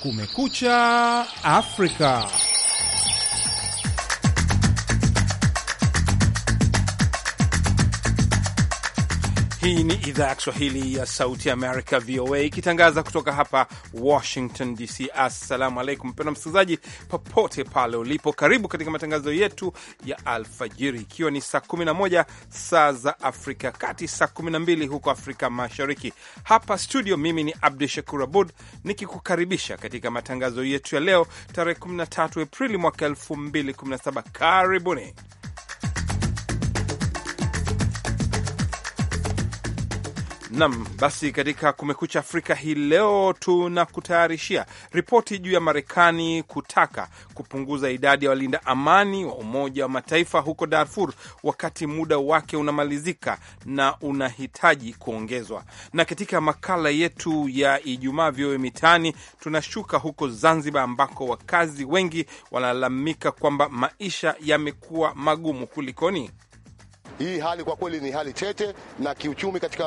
Kumekucha Afrika. Hii ni idhaa ya Kiswahili ya Sauti ya Amerika, VOA, ikitangaza kutoka hapa Washington DC. Assalamu alaikum, mpendwa msikilizaji, popote pale ulipo, karibu katika matangazo yetu ya alfajiri, ikiwa ni saa 11 saa za Afrika Kati, saa 12 huko Afrika Mashariki. Hapa studio, mimi ni Abdu Shakur Abud nikikukaribisha katika matangazo yetu ya leo, tarehe 13 Aprili mwaka 2017. Karibuni. Nam, basi katika Kumekucha Afrika hii leo tunakutayarishia ripoti juu ya Marekani kutaka kupunguza idadi ya walinda amani wa Umoja wa Mataifa huko Darfur wakati muda wake unamalizika na unahitaji kuongezwa. Na katika makala yetu ya Ijumaa vyowe mitaani, tunashuka huko Zanzibar ambako wakazi wengi wanalalamika kwamba maisha yamekuwa magumu. Kulikoni? Hii hali kwa kweli ni hali tete, na kiuchumi katika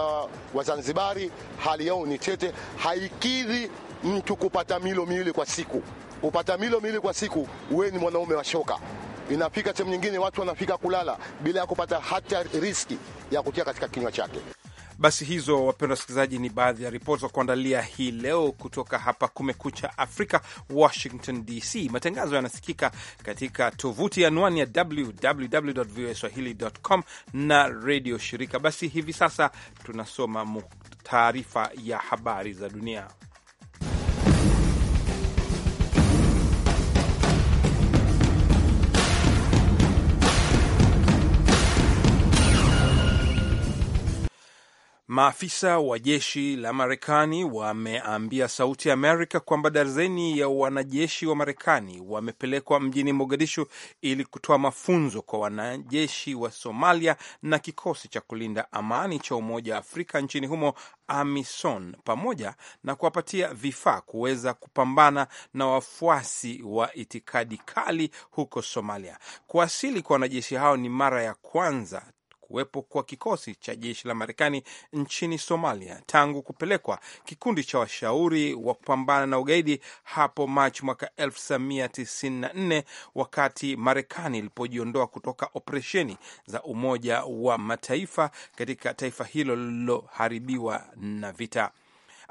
Wazanzibari hali yao ni tete, haikidhi mtu kupata milo miwili kwa siku. Upata milo miwili kwa siku, wewe ni mwanaume wa shoka. Inafika sehemu nyingine watu wanafika kulala bila ya kupata hata riski ya kutia katika kinywa chake. Basi hizo, wapendwa wasikilizaji, ni baadhi ya ripoti za kuandalia hii leo kutoka hapa Kumekucha Afrika, Washington DC. Matangazo yanasikika katika tovuti anwani ya www voa swahili.com na redio shirika. Basi hivi sasa tunasoma taarifa ya habari za dunia. Maafisa wa jeshi la Marekani wameambia Sauti ya Amerika kwamba darzeni ya wanajeshi wa Marekani wamepelekwa mjini Mogadishu ili kutoa mafunzo kwa wanajeshi wa Somalia na kikosi cha kulinda amani cha Umoja wa Afrika nchini humo, AMISON, pamoja na kuwapatia vifaa kuweza kupambana na wafuasi wa itikadi kali huko Somalia. Kuwasili kwa wanajeshi hao ni mara ya kwanza kuwepo kwa kikosi cha jeshi la Marekani nchini Somalia tangu kupelekwa kikundi cha washauri wa kupambana na ugaidi hapo Machi mwaka 1994 wakati Marekani ilipojiondoa kutoka operesheni za Umoja wa Mataifa katika taifa hilo lililoharibiwa na vita.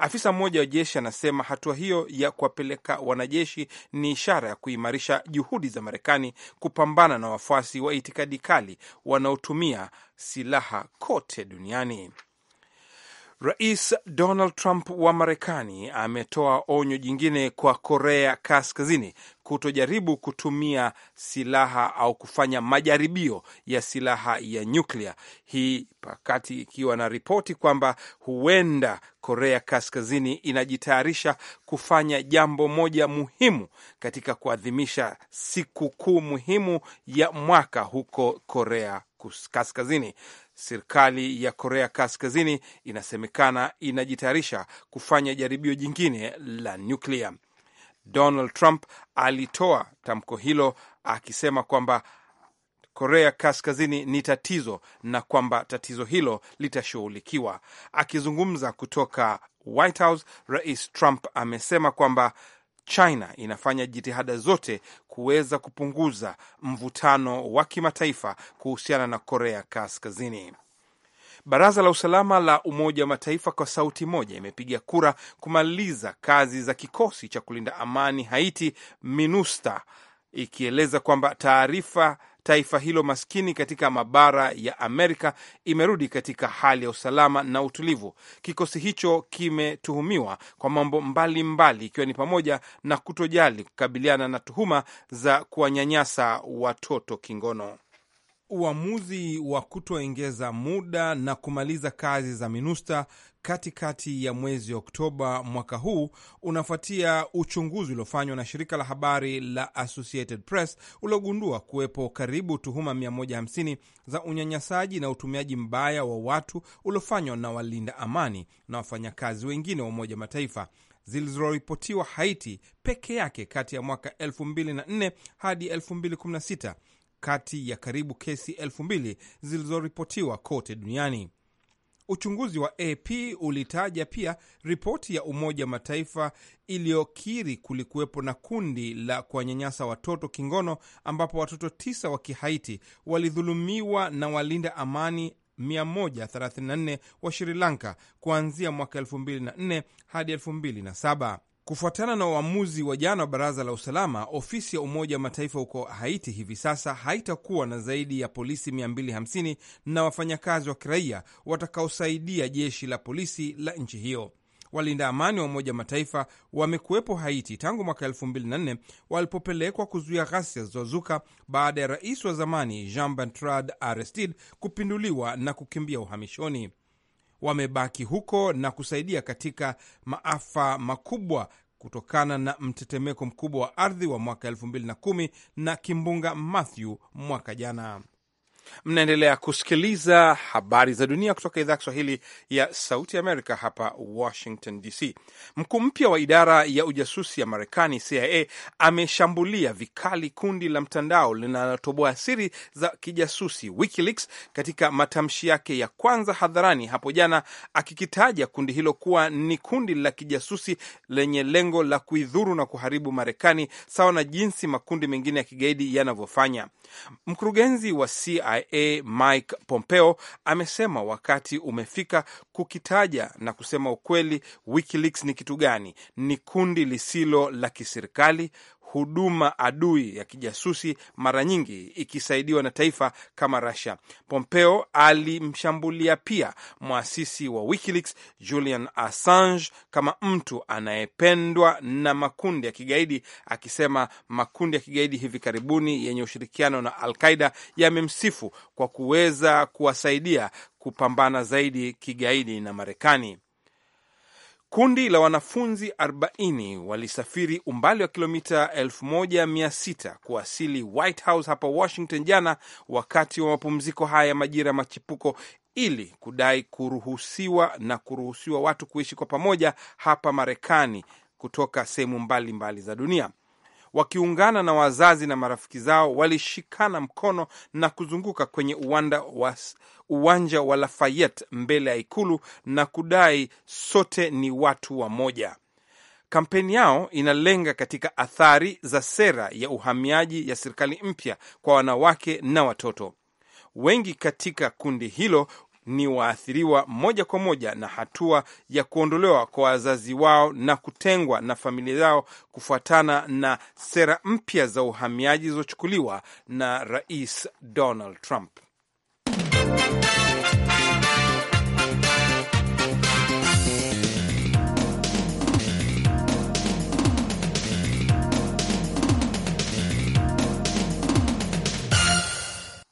Afisa mmoja wa jeshi anasema hatua hiyo ya kuwapeleka wanajeshi ni ishara ya kuimarisha juhudi za Marekani kupambana na wafuasi wa itikadi kali wanaotumia silaha kote duniani. Rais Donald Trump wa Marekani ametoa onyo jingine kwa Korea Kaskazini kutojaribu kutumia silaha au kufanya majaribio ya silaha ya nyuklia, hii pakati ikiwa na ripoti kwamba huenda Korea Kaskazini inajitayarisha kufanya jambo moja muhimu katika kuadhimisha sikukuu muhimu ya mwaka huko Korea Kaskazini. Serikali ya Korea Kaskazini inasemekana inajitayarisha kufanya jaribio jingine la nyuklia. Donald Trump alitoa tamko hilo akisema kwamba Korea Kaskazini ni tatizo na kwamba tatizo hilo litashughulikiwa. Akizungumza kutoka White House, Rais Trump amesema kwamba China inafanya jitihada zote kuweza kupunguza mvutano wa kimataifa kuhusiana na Korea Kaskazini. Baraza la usalama la Umoja wa Mataifa kwa sauti moja imepiga kura kumaliza kazi za kikosi cha kulinda amani Haiti, MINUSTA, ikieleza kwamba taarifa taifa hilo maskini katika mabara ya Amerika imerudi katika hali ya usalama na utulivu. Kikosi hicho kimetuhumiwa kwa mambo mbalimbali, ikiwa mbali ni pamoja na kutojali kukabiliana na tuhuma za kuwanyanyasa watoto kingono uamuzi wa kutoengeza muda na kumaliza kazi za MINUSTA katikati ya mwezi Oktoba mwaka huu unafuatia uchunguzi uliofanywa na shirika la habari la Associated Press uliogundua kuwepo karibu tuhuma 150 za unyanyasaji na utumiaji mbaya wa watu uliofanywa na walinda amani na wafanyakazi wengine wa Umoja Mataifa zilizoripotiwa Haiti peke yake kati ya mwaka 2004 hadi 2016 kati ya karibu kesi elfu mbili zilizoripotiwa kote duniani. Uchunguzi wa AP ulitaja pia ripoti ya Umoja wa Mataifa iliyokiri kulikuwepo na kundi la kuwanyanyasa watoto kingono ambapo watoto tisa wa Kihaiti walidhulumiwa na walinda amani 134 wa Sri Lanka kuanzia mwaka 2004 hadi 2007. Kufuatana na uamuzi wa jana wa baraza la usalama, ofisi ya Umoja wa Mataifa huko Haiti hivi sasa haitakuwa na zaidi ya polisi 250 na wafanyakazi wa kiraia watakaosaidia jeshi la polisi la nchi hiyo. Walinda amani wa Umoja wa Mataifa wamekuwepo Haiti tangu mwaka 2004 walipopelekwa kuzuia ghasia zilizozuka baada ya rais wa zamani Jean Bertrand Aristide kupinduliwa na kukimbia uhamishoni wamebaki huko na kusaidia katika maafa makubwa kutokana na mtetemeko mkubwa wa ardhi wa mwaka 2010 na kimbunga Matthew mwaka jana. Mnaendelea kusikiliza habari za dunia kutoka idhaa ya Kiswahili ya Sauti Amerika hapa Washington DC. Mkuu mpya wa idara ya ujasusi ya Marekani, CIA, ameshambulia vikali kundi la mtandao linalotoboa siri za kijasusi WikiLeaks katika matamshi yake ya kwanza hadharani hapo jana, akikitaja kundi hilo kuwa ni kundi la kijasusi lenye lengo la kuidhuru na kuharibu Marekani, sawa na jinsi makundi mengine ya kigaidi yanavyofanya. Mkurugenzi wa CIA CIA Mike Pompeo amesema wakati umefika kukitaja na kusema ukweli WikiLeaks ni kitu gani. Ni kundi lisilo la kiserikali huduma adui ya kijasusi, mara nyingi ikisaidiwa na taifa kama Russia. Pompeo alimshambulia pia mwasisi wa WikiLeaks Julian Assange kama mtu anayependwa na makundi ya kigaidi, akisema makundi ya kigaidi hivi karibuni yenye ushirikiano na Al-Qaida yamemsifu kwa kuweza kuwasaidia kupambana zaidi kigaidi na Marekani. Kundi la wanafunzi 40 walisafiri umbali wa kilomita 1600 kuwasili White House hapa Washington jana wakati wa mapumziko haya ya majira ya machipuko ili kudai kuruhusiwa na kuruhusiwa watu kuishi kwa pamoja hapa Marekani kutoka sehemu mbalimbali za dunia wakiungana na wazazi na marafiki zao walishikana mkono na kuzunguka kwenye uwanda wa uwanja wa Lafayette mbele ya ikulu na kudai sote ni watu wa moja. Kampeni yao inalenga katika athari za sera ya uhamiaji ya serikali mpya kwa wanawake na watoto. Wengi katika kundi hilo ni waathiriwa moja kwa moja na hatua ya kuondolewa kwa wazazi wao na kutengwa na familia zao kufuatana na sera mpya za uhamiaji zilizochukuliwa na Rais Donald Trump.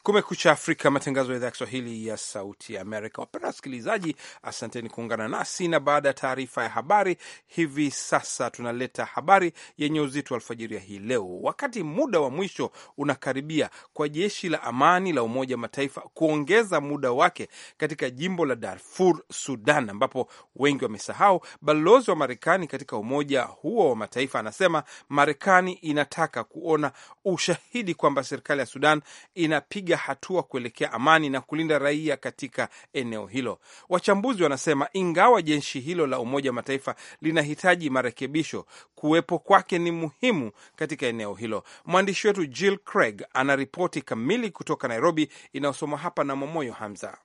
Kumekucha Afrika, matangazo ya idhaa ya Kiswahili ya Sauti ya Amerika. Wapenda wasikilizaji, asanteni kuungana nasi, na baada ya taarifa ya habari hivi sasa tunaleta habari yenye uzito wa alfajiri ya hii leo. Wakati muda wa mwisho unakaribia kwa jeshi la amani la Umoja wa Mataifa kuongeza muda wake katika jimbo la Darfur, Sudan, ambapo wengi wamesahau, balozi wa Marekani katika Umoja huo wa Mataifa anasema Marekani inataka kuona ushahidi kwamba serikali ya Sudan inapiga kupiga hatua kuelekea amani na kulinda raia katika eneo hilo. Wachambuzi wanasema ingawa jeshi hilo la Umoja wa Mataifa linahitaji marekebisho, kuwepo kwake ni muhimu katika eneo hilo. Mwandishi wetu Jill Craig anaripoti kamili kutoka Nairobi, inayosomwa hapa na momoyo Hamza.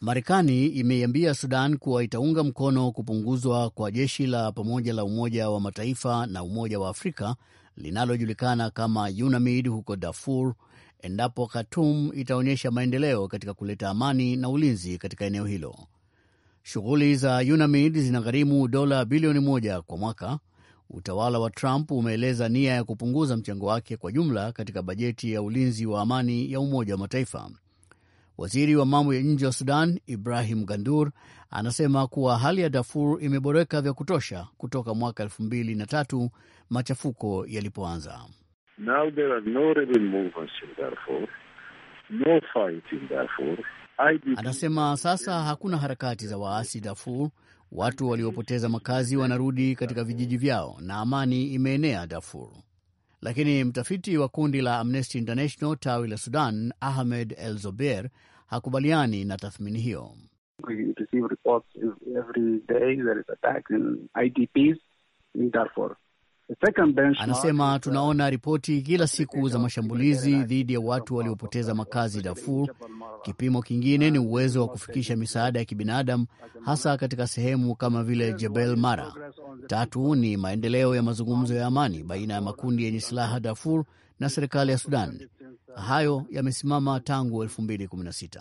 Marekani imeiambia Sudan kuwa itaunga mkono kupunguzwa kwa jeshi la pamoja la Umoja wa Mataifa na Umoja wa Afrika linalojulikana kama UNAMID huko Darfur endapo Khartoum itaonyesha maendeleo katika kuleta amani na ulinzi katika eneo hilo. Shughuli za UNAMID zinagharimu dola bilioni moja kwa mwaka. Utawala wa Trump umeeleza nia ya kupunguza mchango wake kwa jumla katika bajeti ya ulinzi wa amani ya Umoja wa Mataifa. Waziri wa mambo ya nje wa Sudan Ibrahim Gandur anasema kuwa hali ya Darfur imeboreka vya kutosha kutoka mwaka 2003 machafuko yalipoanza. Now there are no rebel movements in Darfur, no fight in Darfur. Anasema sasa hakuna harakati za waasi Darfur. Watu waliopoteza makazi wanarudi katika vijiji vyao na amani imeenea Darfur. Lakini mtafiti wa kundi la Amnesty International tawi la Sudan, Ahmed El Zobeir, hakubaliani na tathmini hiyo. We receive reports every day there is attacks in IDPs in Darfur. Anasema uh, tunaona ripoti kila siku za mashambulizi dhidi ya watu waliopoteza makazi Darfur. Kipimo kingine ni uwezo wa kufikisha misaada ya kibinadamu hasa katika sehemu kama vile Jebel Mara. Tatu ni maendeleo ya mazungumzo ya amani baina ya makundi yenye silaha Darfur na serikali ya Sudan. Hayo yamesimama tangu 2016.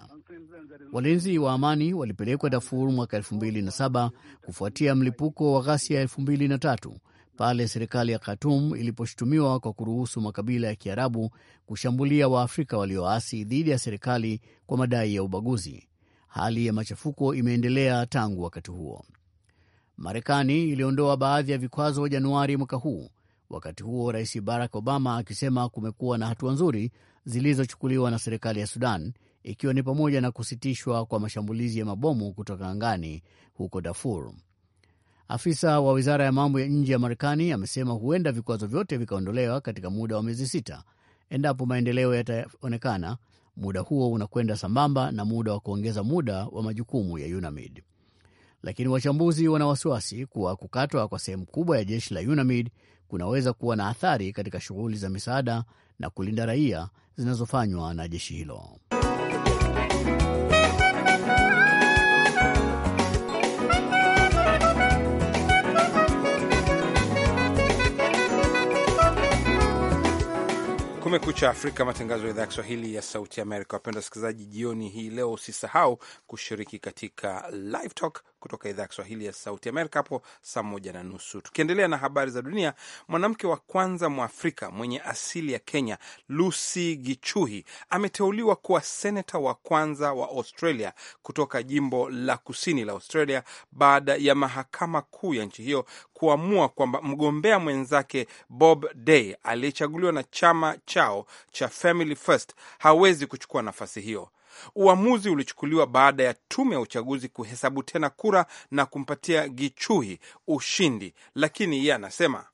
Walinzi wa amani walipelekwa Darfur mwaka 27 kufuatia mlipuko wa ghasia ya 2003 pale serikali ya Khartoum iliposhutumiwa kwa kuruhusu makabila ya Kiarabu kushambulia Waafrika walioasi dhidi ya serikali kwa madai ya ubaguzi. Hali ya machafuko imeendelea tangu wakati huo. Marekani iliondoa baadhi ya vikwazo Januari mwaka huu. Wakati huo Rais Barack Obama akisema kumekuwa na hatua nzuri zilizochukuliwa na serikali ya Sudan, ikiwa ni pamoja na kusitishwa kwa mashambulizi ya mabomu kutoka angani huko Darfur. Afisa wa wizara ya mambo ya nje ya Marekani amesema huenda vikwazo vyote vikaondolewa katika muda wa miezi sita endapo maendeleo yataonekana. Muda huo unakwenda sambamba na muda wa kuongeza muda wa majukumu ya UNAMID, lakini wachambuzi wana wasiwasi kuwa kukatwa kwa sehemu kubwa ya jeshi la UNAMID kunaweza kuwa na athari katika shughuli za misaada na kulinda raia zinazofanywa na jeshi hilo. Kumekucha Afrika, matangazo ya idhaa ya Kiswahili ya Sauti Amerika. Wapenda wasikilizaji, jioni hii leo usisahau kushiriki katika Live Talk kutoka idhaa ya Kiswahili ya Sauti Amerika hapo saa moja na nusu. Tukiendelea na habari za dunia, mwanamke wa kwanza Mwafrika mwenye asili ya Kenya, Lucy Gichuhi, ameteuliwa kuwa seneta wa kwanza wa Australia kutoka jimbo la kusini la Australia baada ya mahakama kuu ya nchi hiyo kuamua kwamba mgombea mwenzake Bob Day aliyechaguliwa na chama chao cha Family First hawezi kuchukua nafasi hiyo. Uamuzi ulichukuliwa baada ya tume ya uchaguzi kuhesabu tena kura na kumpatia Gichuhi ushindi, lakini yeye anasema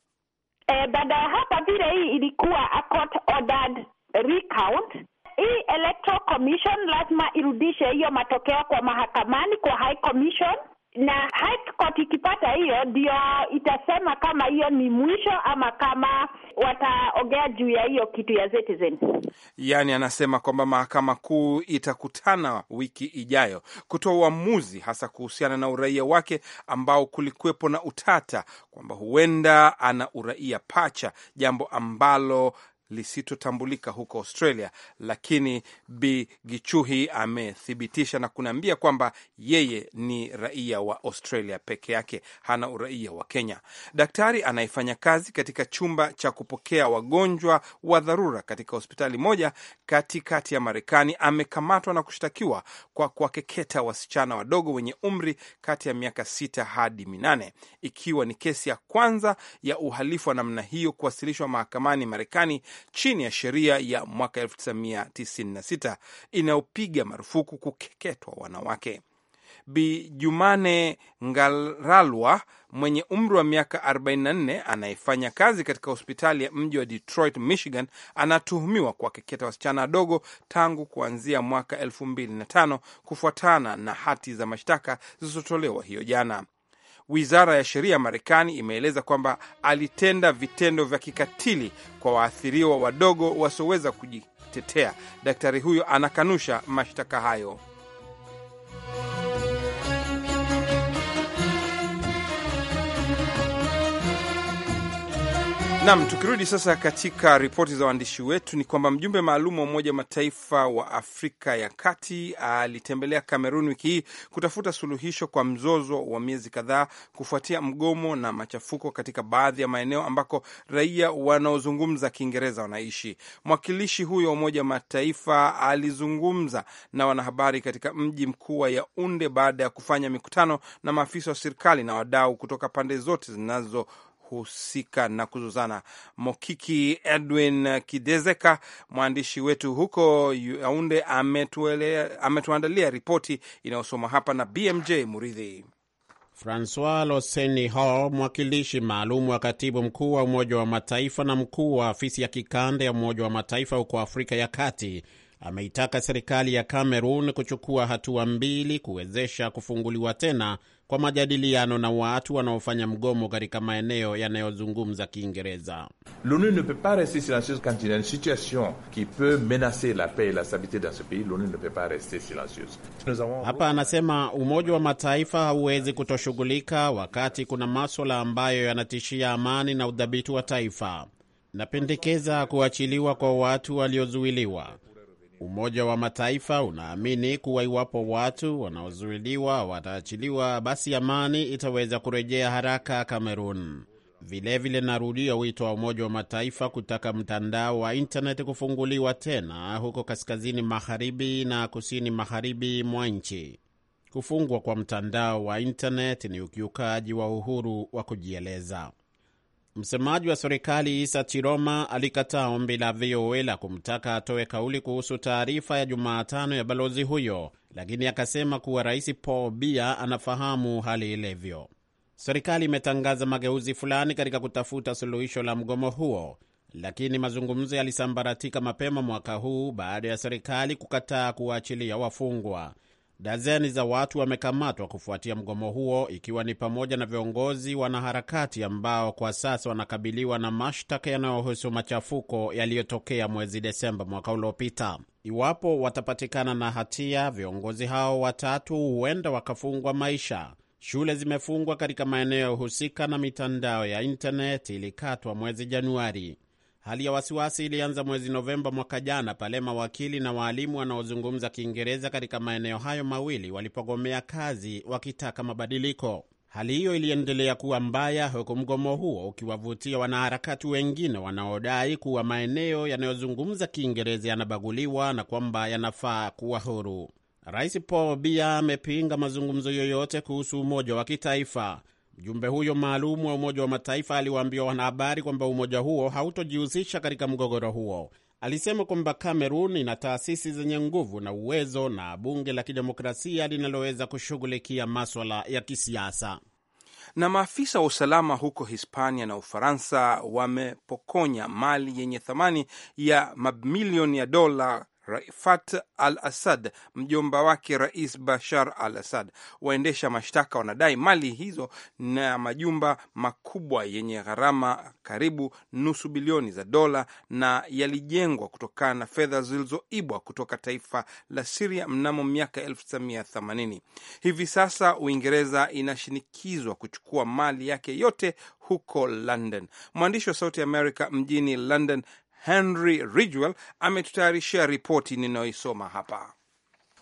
e, baada ya hapa vile hii ilikuwa a court ordered recount hii Electoral Commission lazima irudishe hiyo matokeo kwa mahakamani, kwa High Commission na High Court ikipata hiyo, ndio itasema kama hiyo ni mwisho ama kama wataongea juu ya hiyo kitu ya Citizen. Yani anasema kwamba mahakama kuu itakutana wiki ijayo kutoa uamuzi hasa kuhusiana na uraia wake ambao kulikuwepo na utata kwamba huenda ana uraia pacha, jambo ambalo lisitotambulika huko Australia, lakini Bi Gichuhi amethibitisha na kunaambia kwamba yeye ni raia wa Australia peke yake, hana uraia wa Kenya. Daktari anayefanya kazi katika chumba cha kupokea wagonjwa wa dharura katika hospitali moja katikati ya Marekani amekamatwa na kushtakiwa kwa kuwakeketa wasichana wadogo wenye umri kati ya miaka sita hadi minane, ikiwa ni kesi ya kwanza ya uhalifu wa namna hiyo kuwasilishwa mahakamani Marekani chini ya sheria ya mwaka 1996 inayopiga marufuku kukeketwa wanawake. Bi Jumane Ngaralwa mwenye umri wa miaka 44 anayefanya kazi katika hospitali ya mji wa Detroit, Michigan, anatuhumiwa kuwakeketa wasichana wadogo tangu kuanzia mwaka 2005 kufuatana na hati za mashtaka zilizotolewa hiyo jana. Wizara ya sheria ya Marekani imeeleza kwamba alitenda vitendo vya kikatili kwa waathiriwa wadogo wasioweza kujitetea. Daktari huyo anakanusha mashtaka hayo. Nam, tukirudi sasa katika ripoti za waandishi wetu ni kwamba mjumbe maalum wa Umoja Mataifa wa Afrika ya Kati alitembelea Kamerun wiki hii kutafuta suluhisho kwa mzozo wa miezi kadhaa kufuatia mgomo na machafuko katika baadhi ya maeneo ambako raia wanaozungumza Kiingereza wanaishi. Mwakilishi huyo wa Umoja Mataifa alizungumza na wanahabari katika mji mkuu wa Yaunde baada ya kufanya mikutano na maafisa wa serikali na wadau kutoka pande zote zinazo kuhusika na kuzuzana. Mokiki Edwin Kidezeka, mwandishi wetu huko Yaunde, ametuandalia ripoti inayosoma hapa na BMJ Muridhi. Francois Loseni Hall, mwakilishi maalum wa katibu mkuu wa Umoja wa Mataifa na mkuu wa afisi ya kikanda ya Umoja wa Mataifa huko Afrika ya Kati, ameitaka serikali ya cameron kuchukua hatua mbili kuwezesha kufunguliwa tena kwa majadiliano na watu wanaofanya mgomo katika maeneo yanayozungumza Kiingereza. L'ONU ne peut pas rester silencieuse quand il y a une situation qui peut menacer la paix et la dans ce pays. L'ONU ne peut pas rester silencieuse. Hapa anasema Umoja wa Mataifa hauwezi kutoshughulika wakati kuna maswala ambayo yanatishia amani na udhabiti wa taifa. Napendekeza kuachiliwa kwa watu waliozuiliwa Umoja wa Mataifa unaamini kuwa iwapo watu wanaozuiliwa wataachiliwa, basi amani itaweza kurejea haraka Kamerun. Vilevile narudia wito wa Umoja wa Mataifa kutaka mtandao wa intaneti kufunguliwa tena huko kaskazini magharibi na kusini magharibi mwa nchi. Kufungwa kwa mtandao wa intaneti ni ukiukaji wa uhuru wa kujieleza. Msemaji wa serikali Isa Chiroma alikataa ombi la VOA la kumtaka atoe kauli kuhusu taarifa ya Jumatano ya balozi huyo, lakini akasema kuwa Rais Paul Bia anafahamu hali ilivyo. Serikali imetangaza mageuzi fulani katika kutafuta suluhisho la mgomo huo, lakini mazungumzo yalisambaratika mapema mwaka huu baada ya serikali kukataa kuwaachilia wafungwa. Dazeni za watu wamekamatwa kufuatia mgomo huo, ikiwa ni pamoja na viongozi wanaharakati ambao kwa sasa wanakabiliwa na mashtaka yanayohusu machafuko yaliyotokea mwezi Desemba mwaka uliopita. Iwapo watapatikana na hatia, viongozi hao watatu huenda wakafungwa maisha. Shule zimefungwa katika maeneo husika na mitandao ya intaneti ilikatwa mwezi Januari. Hali ya wasiwasi ilianza mwezi Novemba mwaka jana pale mawakili na waalimu wanaozungumza Kiingereza katika maeneo hayo mawili walipogomea kazi wakitaka mabadiliko. Hali hiyo iliendelea kuwa mbaya, huku mgomo huo ukiwavutia wanaharakati wengine wanaodai kuwa maeneo yanayozungumza Kiingereza yanabaguliwa na kwamba yanafaa kuwa huru. Rais Paul Biya amepinga mazungumzo yoyote kuhusu umoja wa kitaifa. Mjumbe huyo maalum wa Umoja wa Mataifa aliwaambia wanahabari kwamba umoja huo hautojihusisha katika mgogoro huo. Alisema kwamba Kamerun ina taasisi zenye nguvu na uwezo na bunge la kidemokrasia linaloweza kushughulikia maswala ya kisiasa. Na maafisa wa usalama huko Hispania na Ufaransa wamepokonya mali yenye thamani ya mamilioni ya dola Rafat al Assad, mjomba wake Rais Bashar al Assad. Waendesha mashtaka wanadai mali hizo na majumba makubwa yenye gharama karibu nusu bilioni za dola na yalijengwa kutokana na fedha zilizoibwa kutoka taifa la Siria mnamo miaka 1980. Hivi sasa Uingereza inashinikizwa kuchukua mali yake yote huko London. Mwandishi wa Sauti America mjini London, Henry Ridgwell ametutayarishia ripoti ninayoisoma hapa.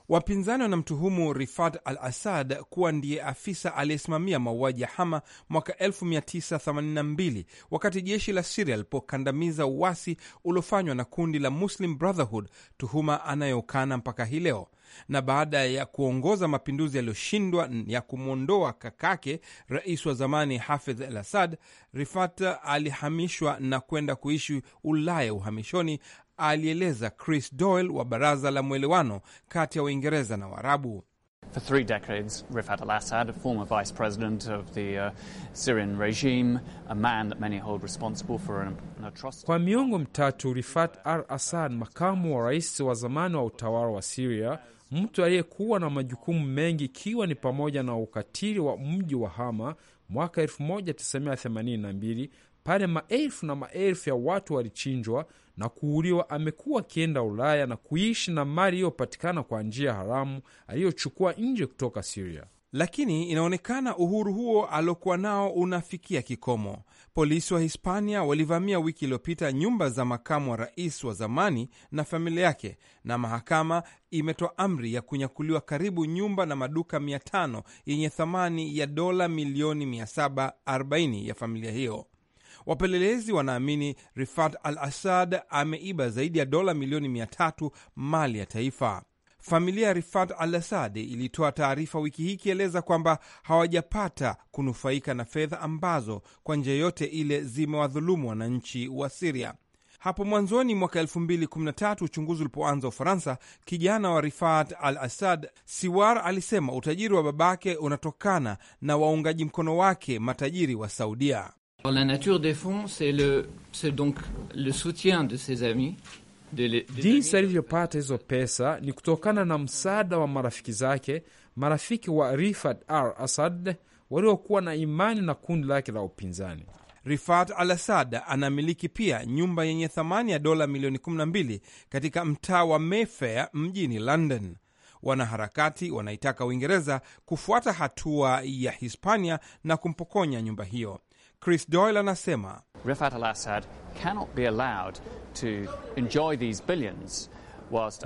Wapinzani wanamtuhumu Rifat al Asad kuwa ndiye afisa aliyesimamia mauaji ya Hama mwaka 1982 wakati jeshi la Siria lilipokandamiza uasi uliofanywa na kundi la Muslim Brotherhood, tuhuma anayokana mpaka hii leo. Na baada ya kuongoza mapinduzi yaliyoshindwa ya kumwondoa kakake rais wa zamani Hafidh al Asad, Rifat alihamishwa na kwenda kuishi Ulaya uhamishoni alieleza Chris Doyle wa baraza la mwelewano kati ya Uingereza na Waarabu. For three decades, Rifat al-Assad, former vice president of the uh, Syrian regime, a man that many hold responsible for an atrocity. Kwa miongo mitatu Rifat al-Assad, makamu wa rais wa zamani wa utawala wa Syria, mtu aliyekuwa na majukumu mengi ikiwa ni pamoja na ukatili wa mji wa Hama mwaka 1982 pale maelfu na maelfu ya watu walichinjwa na kuuliwa. Amekuwa akienda Ulaya na kuishi na mali iliyopatikana kwa njia haramu aliyochukua nje kutoka Siria lakini inaonekana uhuru huo aliokuwa nao unafikia kikomo. Polisi wa Hispania walivamia wiki iliyopita nyumba za makamu wa rais wa zamani na familia yake, na mahakama imetoa amri ya kunyakuliwa karibu nyumba na maduka 500 yenye thamani ya dola milioni 740 ya familia hiyo. Wapelelezi wanaamini Rifat al Assad ameiba zaidi ya dola milioni 300 mali ya taifa. Familia ya Rifat Al Asadi ilitoa taarifa wiki hii ikieleza kwamba hawajapata kunufaika na fedha ambazo kwa njia yote ile zimewadhulumu wananchi wa Siria. Hapo mwanzoni mwaka 2013 uchunguzi ulipoanza Ufaransa, kijana wa Rifat Al Asad Siwar alisema utajiri wa babake unatokana na waungaji mkono wake matajiri wa Saudia. La nature des fonds c'est donc le soutien de ses amis Jinsi alivyopata hizo pesa ni kutokana na msaada wa marafiki zake, marafiki wa Rifat al Asad waliokuwa na imani na kundi lake la upinzani. Rifat al Asad anamiliki pia nyumba yenye thamani ya dola milioni 12 katika mtaa wa Mayfair mjini London. Wanaharakati wanaitaka Uingereza kufuata hatua ya Hispania na kumpokonya nyumba hiyo. Chris Doyle anasema Rifat al-Assad cannot be allowed to enjoy these billions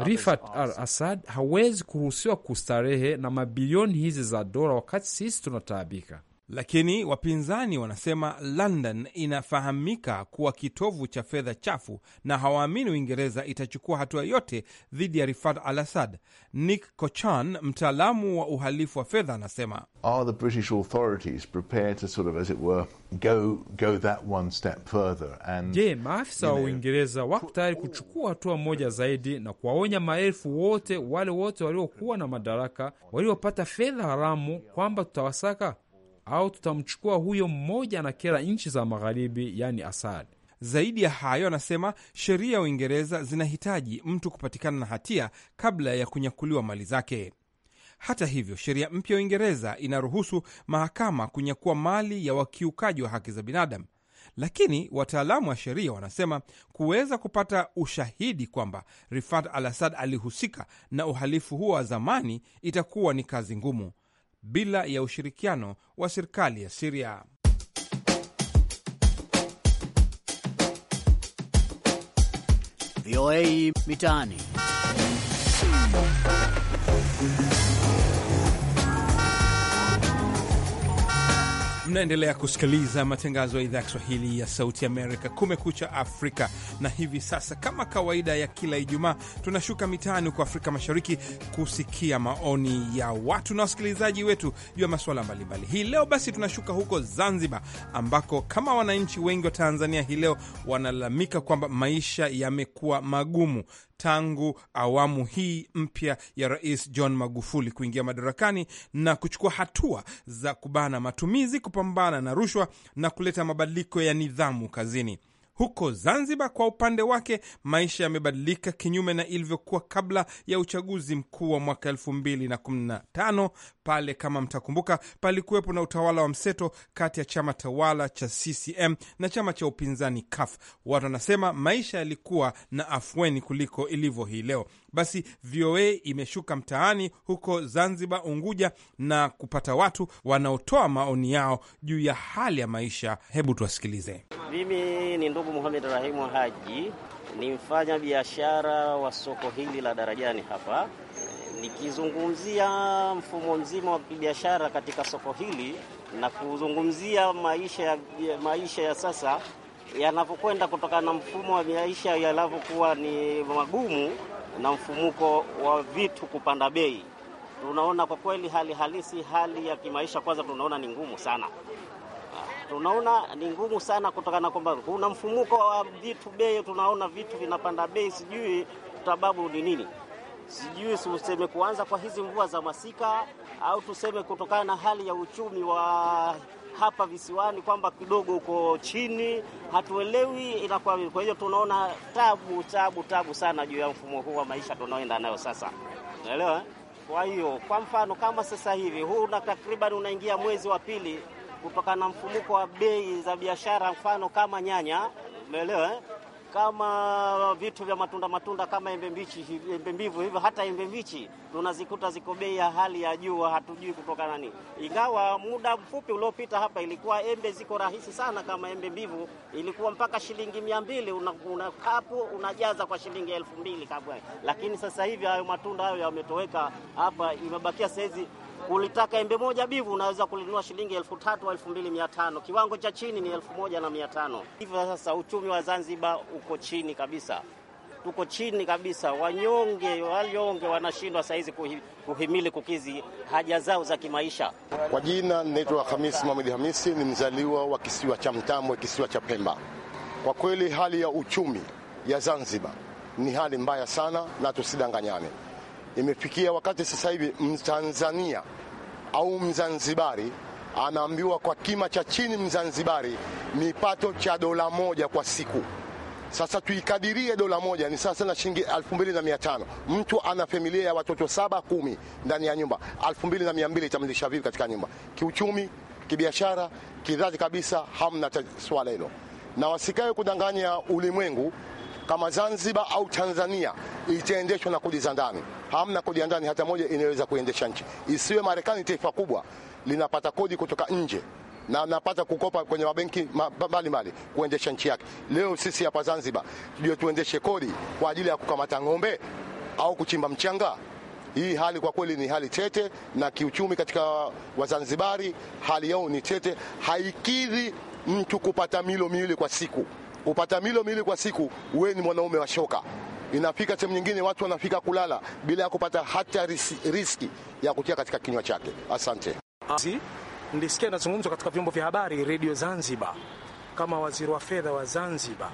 Rifat al Asad hawezi kuruhusiwa kustarehe na mabilioni hizi za dola wakati sisi tunataabika lakini wapinzani wanasema London inafahamika kuwa kitovu cha fedha chafu na hawaamini Uingereza itachukua hatua yote dhidi ya Rifat al Assad. Nick Cochan, mtaalamu wa uhalifu wa fedha, anasema je, maafisa wa Uingereza wako tayari kuchukua hatua moja zaidi na kuwaonya maelfu wote wale wote waliokuwa na madaraka waliopata fedha haramu kwamba tutawasaka au tutamchukua huyo mmoja na kera nchi za magharibi, yani Asad. Zaidi ya hayo, anasema sheria ya Uingereza zinahitaji mtu kupatikana na hatia kabla ya kunyakuliwa mali zake. Hata hivyo, sheria mpya ya Uingereza inaruhusu mahakama kunyakua mali ya wakiukaji wa haki za binadamu, lakini wataalamu wa sheria wanasema kuweza kupata ushahidi kwamba Rifat al Asad alihusika na uhalifu huo wa zamani itakuwa ni kazi ngumu, bila ya ushirikiano wa serikali ya Siria. VOA Mitaani. Mnaendelea kusikiliza matangazo ya idhaa ya Kiswahili ya Sauti Amerika, Kumekucha Afrika. Na hivi sasa, kama kawaida ya kila Ijumaa, tunashuka mitaani huko Afrika Mashariki kusikia maoni ya watu na wasikilizaji wetu juu ya masuala mbalimbali. Hii leo basi tunashuka huko Zanzibar, ambako kama wananchi wengi wa Tanzania hii leo wanalalamika kwamba maisha yamekuwa magumu, tangu awamu hii mpya ya Rais John Magufuli kuingia madarakani na kuchukua hatua za kubana matumizi, kupambana na rushwa na kuleta mabadiliko ya nidhamu kazini. Huko Zanzibar kwa upande wake, maisha yamebadilika kinyume na ilivyokuwa kabla ya uchaguzi mkuu wa mwaka elfu mbili na kumi na tano. Pale kama mtakumbuka, palikuwepo na utawala wa mseto kati ya chama tawala cha CCM na chama cha upinzani CUF. Watu wanasema maisha yalikuwa na afueni kuliko ilivyo hii leo. Basi VOA imeshuka mtaani huko Zanzibar, Unguja, na kupata watu wanaotoa maoni yao juu ya hali ya maisha. Hebu tuwasikilize. Mimi ni ndugu yangu Muhamed Rahimu Haji ni mfanya biashara wa soko hili la Darajani hapa. Nikizungumzia mfumo mzima wa kibiashara katika soko hili na kuzungumzia maisha ya, maisha ya sasa yanavyokwenda kutokana na mfumo wa maisha yanavyokuwa ni magumu na mfumuko wa vitu kupanda bei, tunaona kwa kweli hali halisi, hali ya kimaisha kwanza, tunaona ni ngumu sana tunaona ni ngumu sana, kutokana kwamba kuna mfumuko wa vitu bei, tunaona vitu vinapanda bei, sijui sababu ni nini sijui tuseme kuanza kwa hizi mvua za masika au tuseme kutokana na hali ya uchumi wa hapa visiwani kwamba kidogo uko chini, hatuelewi inakuwa. Kwa hiyo tunaona tabu tabu tabu sana juu ya mfumo huu wa maisha tunaoenda nayo sasa, unaelewa. Eh? Kwa hiyo kwa mfano kama sasa hivi huu na takriban unaingia mwezi wa pili kutokana na mfumuko wa bei za biashara, mfano kama nyanya, umeelewa eh? kama vitu vya matunda matunda kama embe mbichi, embe mbivu hivyo, hata embe mbichi tunazikuta ziko bei ya hali ya juu, hatujui kutokana nini, ingawa muda mfupi uliopita hapa ilikuwa embe ziko rahisi sana. Kama embe mbivu ilikuwa mpaka shilingi mia mbili una, una kapu unajaza kwa shilingi elfu mbili kapu, lakini sasa hivi hayo matunda hayo yametoweka hapa, imebakia saizi Ulitaka embe moja bivu unaweza kulinunua shilingi elfu tatu au elfu mbili mia tano kiwango cha chini ni elfu moja na mia tano Hivyo sasa uchumi wa Zanzibar uko chini kabisa, tuko chini kabisa. Wanyonge wanyonge wanashindwa sahizi kuhimili kukizi haja zao za kimaisha. Kwa jina ninaitwa Hamisi Mohamed Hamisi, ni mzaliwa wa kisiwa cha mtambwe kisiwa cha Pemba. Kwa kweli hali ya uchumi ya Zanzibar ni hali mbaya sana, na tusidanganyane imefikia wakati sasa hivi Mtanzania au Mzanzibari anaambiwa kwa kima cha chini Mzanzibari mipato cha dola moja kwa siku. Sasa tuikadirie dola moja ni sasa na shilingi elfu mbili na mia tano. Mtu ana familia ya watoto saba kumi ndani ya nyumba, elfu mbili na mia mbili itamlisha vipi katika nyumba? Kiuchumi, kibiashara, kidhati kabisa hamna swala hilo, na wasikae kudanganya ulimwengu kama Zanzibar au Tanzania itaendeshwa na kodi za ndani. Hamna kodi ya ndani hata moja inaweza kuendesha nchi, isiwe Marekani taifa kubwa linapata kodi kutoka nje na napata kukopa kwenye mabenki mbalimbali kuendesha nchi yake. Leo sisi hapa Zanzibar tujue tuendeshe kodi kwa ajili ya kukamata ng'ombe au kuchimba mchanga? Hii hali kwa kweli ni hali tete, na kiuchumi katika Wazanzibari hali yao ni tete, haikidhi mtu kupata milo miwili kwa siku upata milo miwili kwa siku, we ni mwanaume wa shoka. Inafika sehemu nyingine watu wanafika kulala bila ya kupata hata riski, ya kutia katika kinywa chake. Asante. Nilisikia inazungumzwa katika vyombo vya habari, redio Zanzibar, kama waziri wa fedha wa Zanzibar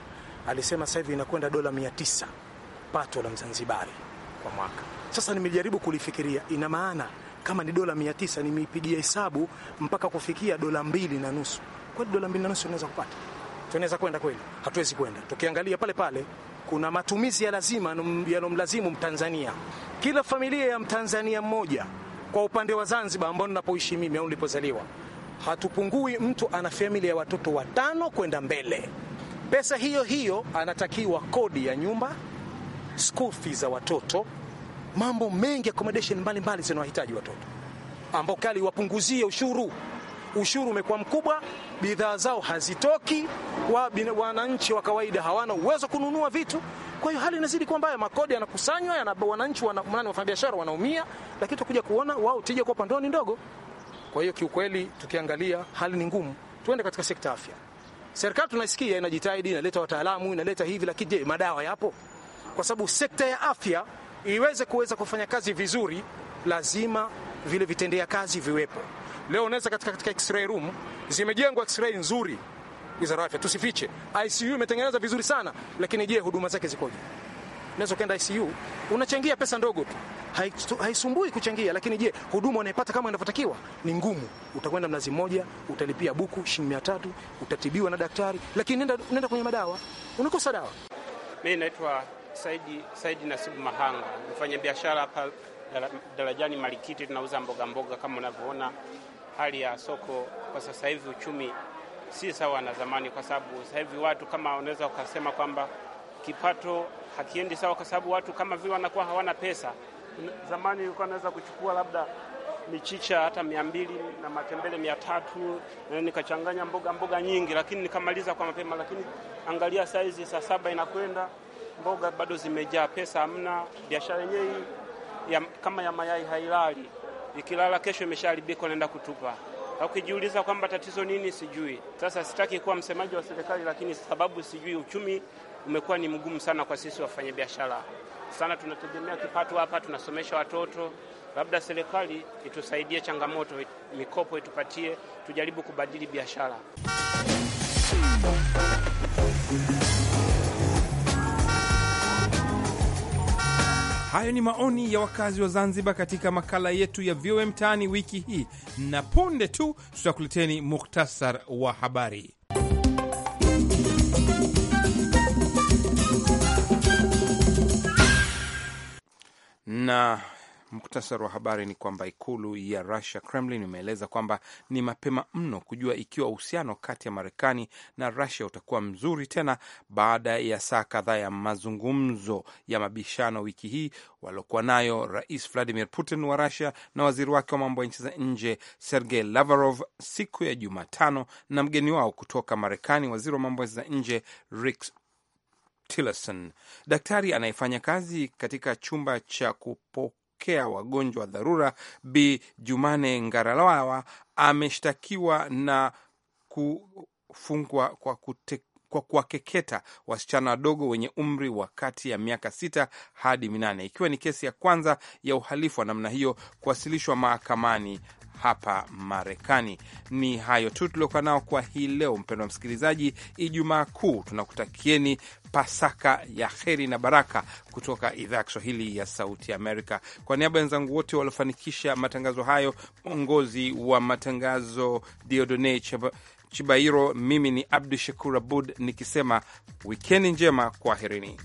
alisema sasa hivi inakwenda dola tisa pato la Mzanzibari kwa mwaka. Sasa nimejaribu kulifikiria, ina maana kama ni dola mia tisa nimeipigia hesabu mpaka kufikia dola mbili na nusu. Kwani dola mbili na nusu unaweza kupata tunaweza kwenda kweli? Hatuwezi kwenda. Tukiangalia pale pale, kuna matumizi ya lazima yalomlazimu Mtanzania, kila familia ya Mtanzania mmoja kwa upande wa Zanzibar ambao ninapoishi mimi au nilipozaliwa, hatupungui mtu ana famili ya watoto watano kwenda mbele. Pesa hiyo hiyo anatakiwa kodi ya nyumba, school fees za watoto, mambo mengi, accommodation mbalimbali zinawahitaji watoto, ambao kali wapunguzie ushuru. Ushuru umekuwa mkubwa, bidhaa zao hazitoki, wananchi wa kawaida hawana uwezo kununua vitu. Kwa hiyo hali inazidi kuwa mbaya, makodi yanakusanywa yana, wananchi wana, mnani wafanyabiashara wanaumia, lakini tukuja kuona wao tija kwa upande ni ndogo. Kwa hiyo kiukweli, tukiangalia hali ni ngumu. Tuende katika sekta afya. Serikali tunaisikia inajitahidi, inaleta wataalamu, inaleta hivi, lakini je, madawa yapo? Kwa sababu sekta ya afya iweze kuweza kufanya kazi vizuri, lazima vile vitendea kazi viwepo. Leo unaweza katika, katika x-ray room zimejengwa x-ray nzuri wizara ya afya, tusifiche, ICU imetengenezwa vizuri sana, lakini je, huduma zake zikoje? Unaweza ukaenda ICU unachangia pesa ndogo tu, haisumbui kuchangia, lakini je, huduma unaipata kama inavyotakiwa? Ni ngumu. Utakwenda mnazi mmoja, utalipia buku shilingi mia tatu, utatibiwa na daktari, lakini nenda, nenda kwenye madawa, unakosa dawa. Mimi naitwa Saidi, Saidi Nasibu Mahanga, biashara hapa Darajani Malikiti, tunauza mboga mboga. Kama unavyoona hali ya soko kwa sasa hivi, uchumi si sawa na zamani, kwa sababu sasa hivi watu kama unaweza ukasema kwamba kipato hakiendi sawa, kwa sababu watu kama vile wanakuwa hawana pesa. Zamani ulikuwa naweza kuchukua labda michicha hata mia mbili na matembele mia tatu na nikachanganya mboga mboga nyingi, lakini nikamaliza kwa mapema. Lakini angalia saizi, saa saba inakwenda mboga bado zimejaa, pesa hamna. Biashara yenyewe kama ya mayai hailali, ikilala kesho imeshaharibika, naenda kutupa. Ukijiuliza kwamba tatizo nini, sijui. Sasa sitaki kuwa msemaji wa serikali, lakini sababu sijui, uchumi umekuwa ni mgumu sana kwa sisi wafanyabiashara sana, tunategemea kipato hapa, tunasomesha watoto. Labda serikali itusaidie changamoto, mikopo itupatie, tujaribu kubadili biashara Hayo ni maoni ya wakazi wa Zanzibar katika makala yetu ya VOA Mtaani wiki hii, na punde tu tutakuleteni muktasar wa habari. na Muktasari wa habari ni kwamba ikulu ya Russia, Kremlin, imeeleza kwamba ni mapema mno kujua ikiwa uhusiano kati ya Marekani na Russia utakuwa mzuri tena baada ya saa kadhaa ya mazungumzo ya mabishano wiki hii waliokuwa nayo Rais Vladimir Putin wa Russia na waziri wake wa mambo ya nchi za nje Sergei Lavrov siku ya Jumatano na mgeni wao kutoka Marekani, waziri wa mambo ya nchi za nje Rex Tillerson. Daktari anayefanya kazi katika chumba cha kupo kupokea wagonjwa wa dharura, Bi Jumane Ngaralawa ameshtakiwa na kufungwa kwa kute kwa kuwakeketa wasichana wadogo wenye umri wa kati ya miaka sita hadi minane, ikiwa ni kesi ya kwanza ya uhalifu wa namna hiyo kuwasilishwa mahakamani hapa Marekani. Ni hayo tu tuliokuwa nao kwa hii leo, mpendwa msikilizaji. Ijumaa Kuu tunakutakieni Pasaka ya heri na baraka kutoka idhaa ya Kiswahili ya Sauti Amerika. Kwa niaba ya wenzangu wote waliofanikisha matangazo hayo, mwongozi wa matangazo Diodone Chibairo, mimi ni Abdu Shakur Abud nikisema wikendi njema, kwaherini.